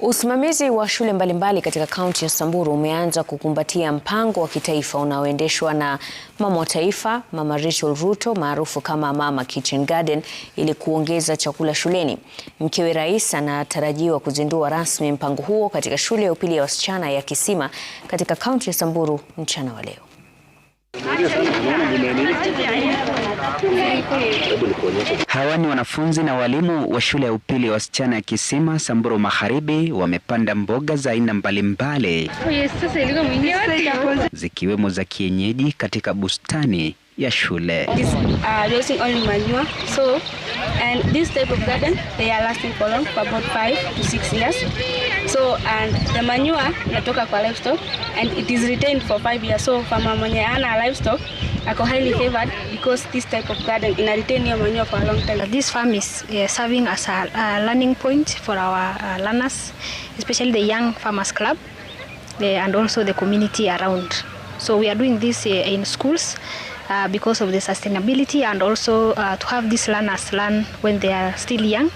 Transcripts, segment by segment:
Usimamizi wa shule mbalimbali katika kaunti ya Samburu umeanza kukumbatia mpango wa kitaifa unaoendeshwa na mama wa taifa, Mama Rachel Ruto maarufu kama Mama Kitchen Garden ili kuongeza chakula shuleni. Mkewe rais anatarajiwa kuzindua rasmi mpango huo katika shule ya upili ya wasichana ya Kisima katika kaunti ya Samburu mchana wa leo. Hawa ni wanafunzi na walimu wa shule ya upili wasichana ya Kisima Samburu Magharibi, wamepanda mboga za aina mbalimbali zikiwemo za kienyeji katika bustani ya shule. This, uh, So and the manure natoka kwa livestock and it is retained for five years. So farmer mwenye ana livestock ako highly favored because this type of garden ina retain your manure for a long time. This farm is yeah, serving as a, a learning point for our uh, learners, especially the young farmers club uh, and also the community around. So we are doing this uh, in schools uh, because of the sustainability and also uh, to have these learners learn when they are still young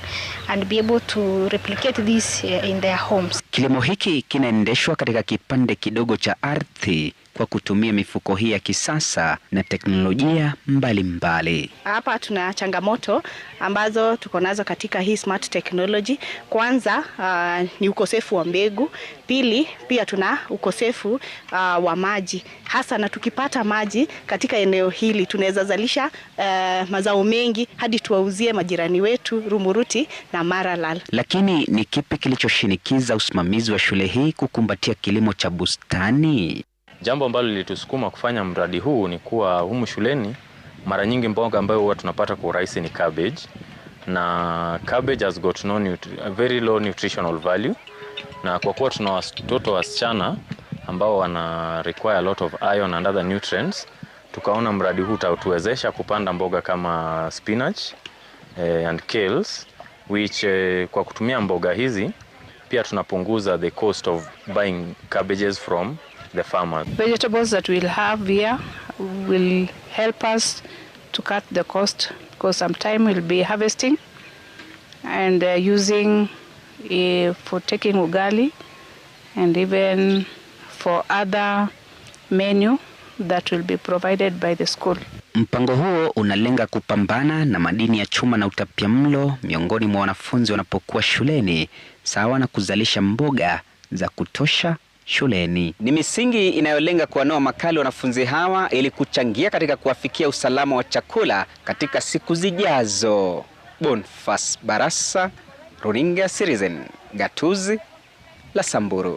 and be able to replicate this uh, in their homes. Kilimo hiki kinaendeshwa katika kipande kidogo cha ardhi kwa kutumia mifuko hii ya kisasa na teknolojia mbalimbali. Hapa tuna changamoto ambazo tuko nazo katika hii smart technology. Kwanza uh, ni ukosefu wa mbegu. Pili, pia tuna ukosefu uh, wa maji hasa, na tukipata maji katika eneo hili tunaweza zalisha uh, mazao mengi hadi tuwauzie majirani wetu Rumuruti na Maralal. Lakini ni kipi kilichoshinikiza usimamizi wa shule hii kukumbatia kilimo cha bustani? Jambo ambalo lilitusukuma kufanya mradi huu ni kuwa humu shuleni mara nyingi mboga ambayo huwa tunapata kwa urahisi ni cabbage, na cabbage has got no very low nutritional value, na kwa kuwa tuna watoto wasichana ambao wana require a lot of iron and other nutrients, tukaona mradi huu utatuwezesha kupanda mboga kama spinach eh, and kales which eh, kwa kutumia mboga hizi pia tunapunguza the cost of buying cabbages from the farmers. Vegetables that we'll have here will help us to cut the cost because sometime we'll be harvesting and uh, using uh, for taking ugali and even for other menu that will be provided by the school. Mpango huo unalenga kupambana na madini ya chuma na utapiamlo miongoni mwa wanafunzi wanapokuwa shuleni, sawa na kuzalisha mboga za kutosha shuleni. Ni misingi inayolenga kuwanoa makali wanafunzi hawa ili kuchangia katika kuwafikia usalama wa chakula katika siku zijazo. Bonfas Barasa, Runinga Citizen, Gatuzi la Samburu.